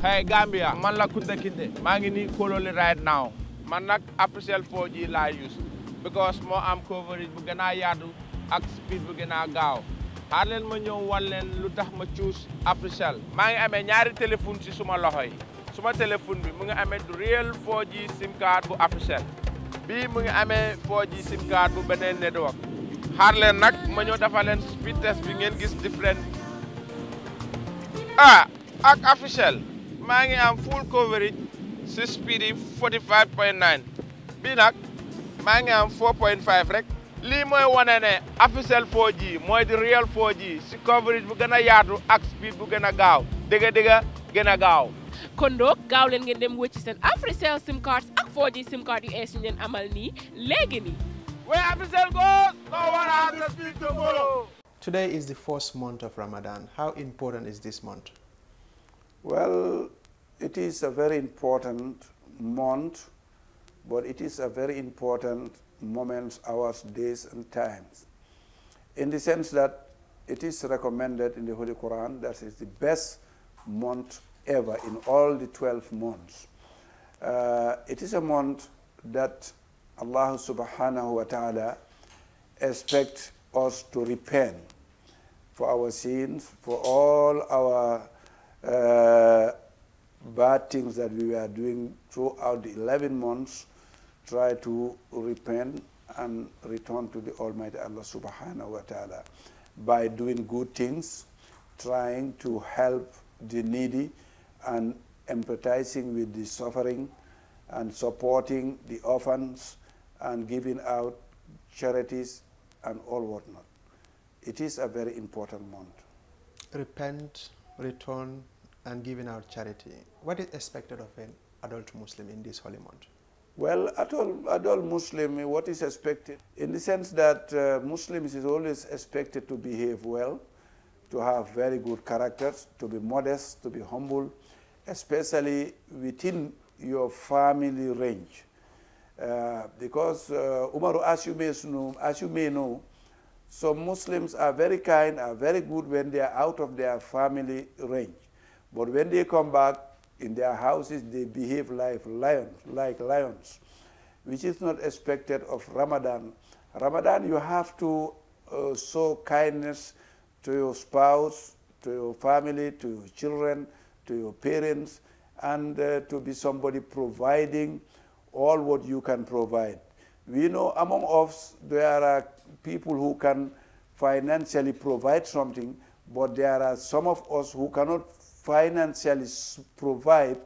Hey Gambia, man la Kunta Kinte. maa ngi nii Kololi man nag Africell 4G laa use. because moo am coverage bu yaatu ak speed bu gën a gaaw. xaar leen ma ñëw wan lu tax ma choose Africell. maa ngi amee ñaari téléphone ci suma loxo yi. suma téléphone bi mu ngi amee real 4G sim card bu Africell. bi mu ngi amee 4G sim card bu beneen network. xaar leen nag ma ñëw dafa leen bi ngeen gis different ah ak Africell. maa ngi am full coverage si speed yi nag maa ngi am 4.5 rek lii mooy wane ne officiel g mooy di real g si coverage bu gën a yaatu ak speed bu gën a gaaw dëgg dëgg gën gaaw. kon donc gaaw leen ngeen dem wëcci seen Africell sim card ak 4G sim card yu ees yu ngeen amal nii léegi nii. where Africell goes, no one has speed to Today is the first month of Ramadan. How important is this month? It is a very important month, but it is a very important moments, hours, days, and times. In the sense that it is recommended in the Holy Quran that it's the best month ever in all the 12 months. Uh, it is a month that Allah subhanahu wa ta'ala expects us to repent for our sins, for all our uh, bad things that we were doing throughout the 11 months, try to repent and return to the Almighty Allah subhanahu wa ta'ala by doing good things, trying to help the needy and empathizing with the suffering and supporting the orphans and giving out charities and all whatnot. It is a very important month. Repent, return, and giving out charity. What is expected of an adult Muslim in this holy month? Well, adult, adult Muslim, what is expected? In the sense that uh, Muslims is always expected to behave well, to have very good characters, to be modest, to be humble, especially within your family range. Uh, because, uh, as you, may know, as you may know, some Muslims are very kind, are very good when they are out of their family range. But when they come back in their houses, they behave like lions, like lions, which is not expected of Ramadan. Ramadan, you have to uh, show kindness to your spouse, to your family, to your children, to your parents, and uh, to be somebody providing all what you can provide. We know among us there are people who can financially provide something, but there are some of us who cannot financially provide,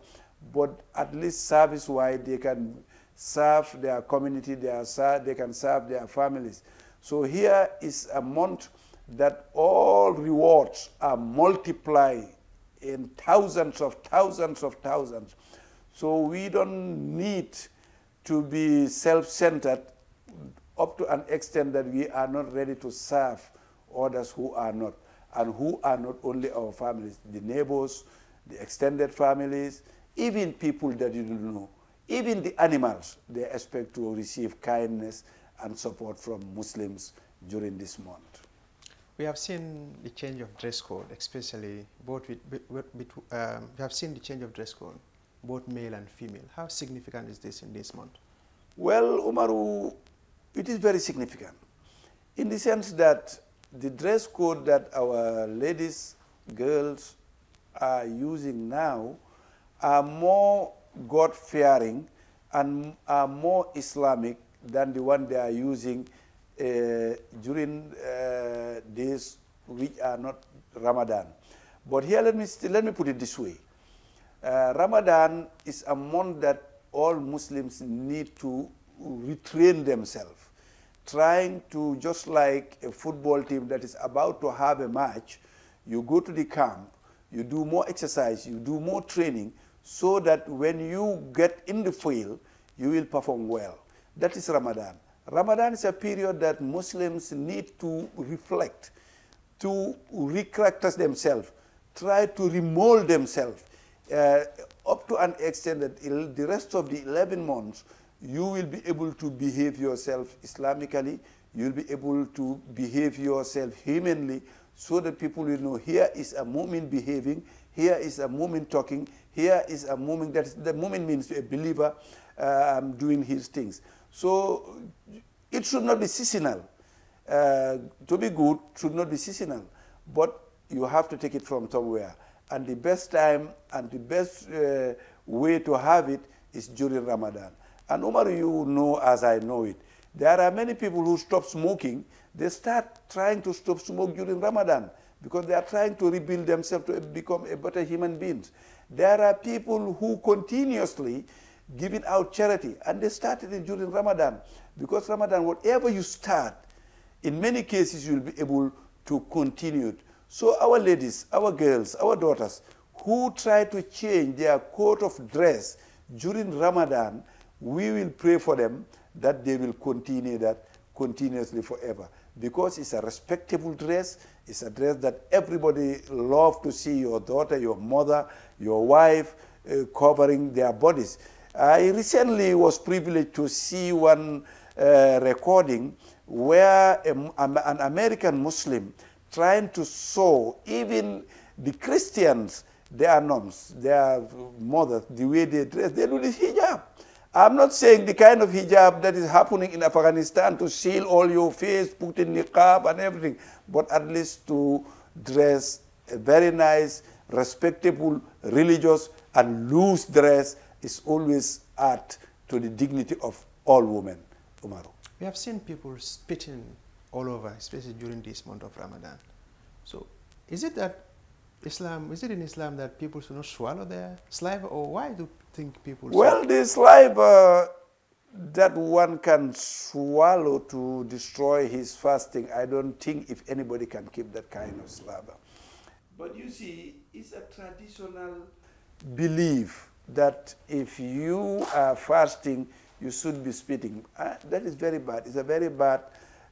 but at least service wise they can serve their community, they, are, they can serve their families. So here is a month that all rewards are multiplied in thousands of thousands of thousands. So we don't need to be self-centered up to an extent that we are not ready to serve others who are not and who are not only our families, the neighbors, the extended families, even people that you don't know, even the animals, they expect to receive kindness and support from Muslims during this month. We have seen the change of dress code, especially both with, with, with um, we have seen the change of dress code, both male and female. How significant is this in this month? Well, Umaru, it is very significant in the sense that the dress code that our ladies, girls are using now are more God-fearing and are more Islamic than the one they are using uh, during uh, which are not Ramadan. But here, let me, let me put it this way. Uh, Ramadan is a month that all Muslims need to retrain themselves trying to, just like a football team that is about to have a match, you go to the camp, you do more exercise, you do more training, so that when you get in the field, you will perform well. That is Ramadan. Ramadan is a period that Muslims need to reflect, to recharacterize themselves, try to remold themselves uh, up to an extent that the rest of the 11 months you will be able to behave yourself Islamically, you'll be able to behave yourself humanly so that people will know here is a moment behaving, here is a moment talking, here is a moment that the moment means a believer uh, um, doing his things. So it should not be seasonal. Uh, to be good should not be seasonal, but you have to take it from somewhere. And the best time and the best uh, way to have it is during Ramadan. And Omar, you know as I know it, there are many people who stop smoking. They start trying to stop smoke during Ramadan because they are trying to rebuild themselves to become a better human beings. There are people who continuously giving out charity, and they started it during Ramadan because Ramadan, whatever you start, in many cases you'll be able to continue it. So our ladies, our girls, our daughters who try to change their coat of dress during Ramadan we will pray for them that they will continue that continuously forever because it's a respectable dress. It's a dress that everybody love to see your daughter, your mother, your wife uh, covering their bodies. I recently was privileged to see one uh, recording where a, an American Muslim trying to show even the Christians their norms, their mothers, the way they dress, they do this hijab. I'm not saying the kind of hijab that is happening in Afghanistan to seal all your face, put in niqab and everything, but at least to dress a very nice, respectable, religious, and loose dress is always add to the dignity of all women. Umaru. We have seen people spitting all over, especially during this month of Ramadan. So is it that Islam, is it in Islam that people should not swallow their saliva, or why do think people? Well, the saliva that one can swallow to destroy his fasting, I don't think if anybody can keep that kind of saliva. But you see, it's a traditional belief that if you are fasting, you should be spitting. Uh, that is very bad. It's a very bad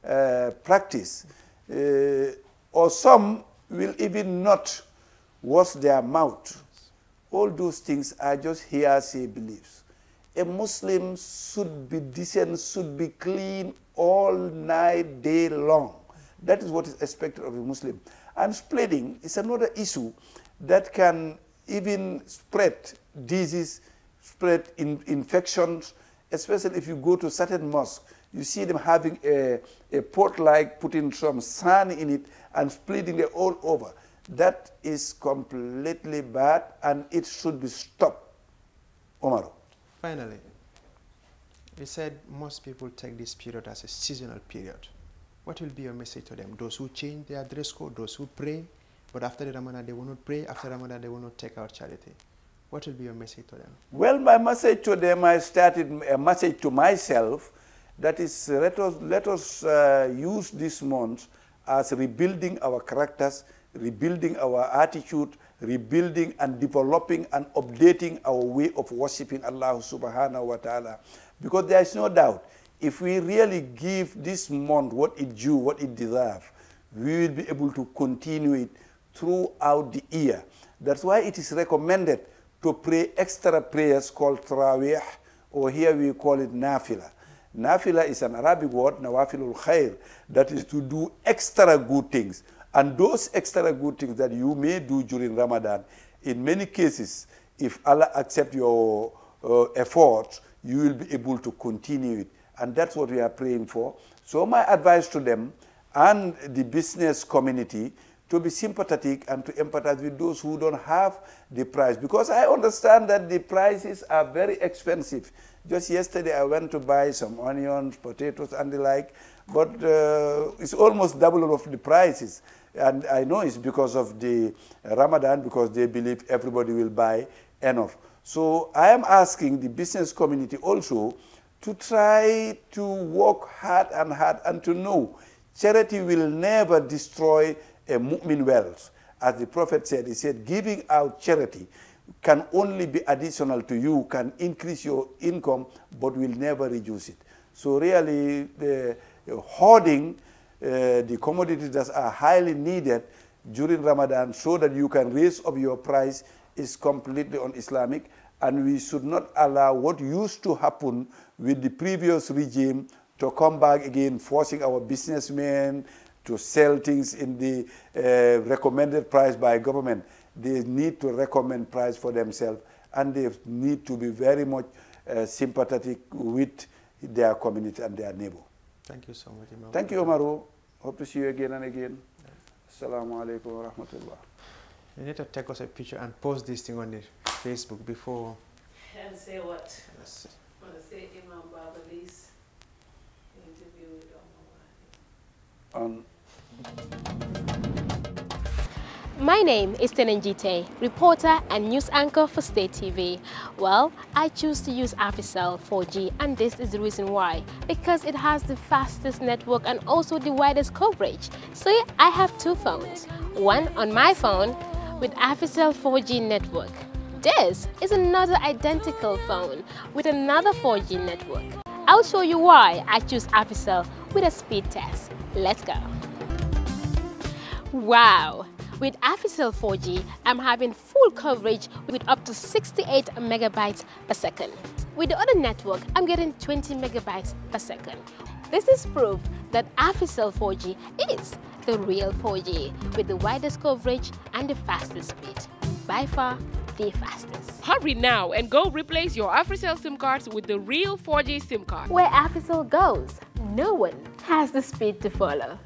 uh, practice. Uh, or some will even not Wash their mouth. All those things are just hearsay beliefs. A Muslim should be decent, should be clean all night, day long. That is what is expected of a Muslim. And spreading is another issue that can even spread disease, spread in, infections, especially if you go to certain mosques. You see them having a, a pot like putting some sand in it and spreading it all over. That is completely bad and it should be stopped. Omaro. Finally, you said most people take this period as a seasonal period. What will be your message to them? Those who change their dress code, those who pray, but after the Ramadan they will not pray, after Ramadan they will not take out charity. What will be your message to them? Well, my message to them, I started a message to myself that is, let us, let us uh, use this month as rebuilding our characters, rebuilding our attitude, rebuilding and developing and updating our way of worshiping Allah subhanahu wa ta'ala. Because there is no doubt, if we really give this month what it due, what it deserves, we will be able to continue it throughout the year. That's why it is recommended to pray extra prayers called Trawih, or here we call it Nafila. Nafila is an Arabic word, nawafilul khair, that is to do extra good things. And those extra good things that you may do during Ramadan, in many cases, if Allah accepts your uh, effort, you will be able to continue it. And that's what we are praying for. So my advice to them and the business community to be sympathetic and to empathize with those who don't have the price. Because I understand that the prices are very expensive. Just yesterday, I went to buy some onions, potatoes, and the like, but uh, it's almost double of the prices. And I know it's because of the Ramadan, because they believe everybody will buy enough. So I am asking the business community also to try to work hard and hard and to know charity will never destroy a mu'min wealth. As the Prophet said, he said, giving out charity can only be additional to you, can increase your income, but will never reduce it. So really, the uh, hoarding uh, the commodities that are highly needed during Ramadan so that you can raise up your price is completely un-Islamic and we should not allow what used to happen with the previous regime to come back again, forcing our businessmen to sell things in the uh, recommended price by government they need to recommend price for themselves and they need to be very much uh, sympathetic with their community and their neighbor. Thank you so much, Imam. Thank you, Omaru. Hope to see you again and again. Yes. Assalamu alaikum wa rahmatullah. You need to take us a picture and post this thing on the Facebook before. And say what? Yes. My name is Tenenjite, reporter and news anchor for State TV. Well, I choose to use Avicel 4G and this is the reason why. Because it has the fastest network and also the widest coverage. So I have two phones. One on my phone with Avicel 4G network. This is another identical phone with another 4G network. I'll show you why I choose Avicel with a speed test. Let's go. Wow, with Avicel 4G, I'm having full coverage with up to 68 megabytes per second. With the other network, I'm getting 20 megabytes per second. This is proof that Avicel 4G is the real 4G with the widest coverage and the fastest speed. By far, the fastest. Hurry now and go replace your Africell SIM cards with the real 4G SIM card. Where Africell goes, no one has the speed to follow.